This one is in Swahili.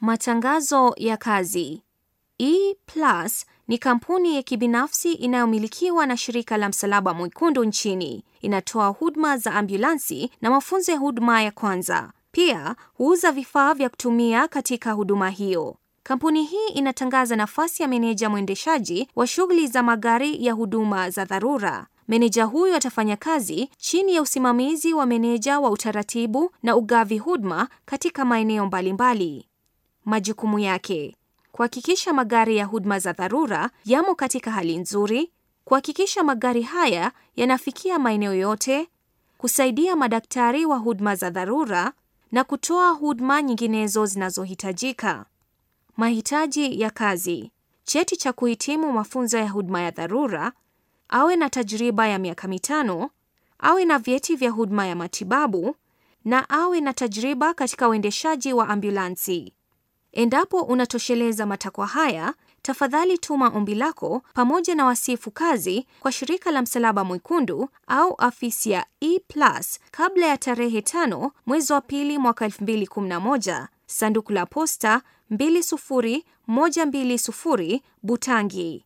Matangazo ya kazi. E Plus ni kampuni ya kibinafsi inayomilikiwa na shirika la Msalaba Mwekundu nchini. Inatoa huduma za ambulansi na mafunzo ya huduma ya kwanza. Pia huuza vifaa vya kutumia katika huduma hiyo. Kampuni hii inatangaza nafasi ya meneja mwendeshaji wa shughuli za magari ya huduma za dharura. Meneja huyo atafanya kazi chini ya usimamizi wa meneja wa utaratibu na ugavi huduma katika maeneo mbalimbali. Majukumu yake: kuhakikisha magari ya huduma za dharura yamo katika hali nzuri, kuhakikisha magari haya yanafikia maeneo yote, kusaidia madaktari wa huduma za dharura na kutoa huduma nyinginezo zinazohitajika. Mahitaji ya kazi: cheti cha kuhitimu mafunzo ya huduma ya dharura, awe na tajriba ya miaka mitano, awe na vyeti vya huduma ya matibabu na awe na tajriba katika uendeshaji wa ambulansi. Endapo unatosheleza matakwa haya, tafadhali tuma ombi lako pamoja na wasifu kazi kwa shirika la Msalaba Mwekundu au afisi ya E+ kabla ya tarehe tano mwezi wa pili mwaka 2011, sanduku la posta 20120, Butangi.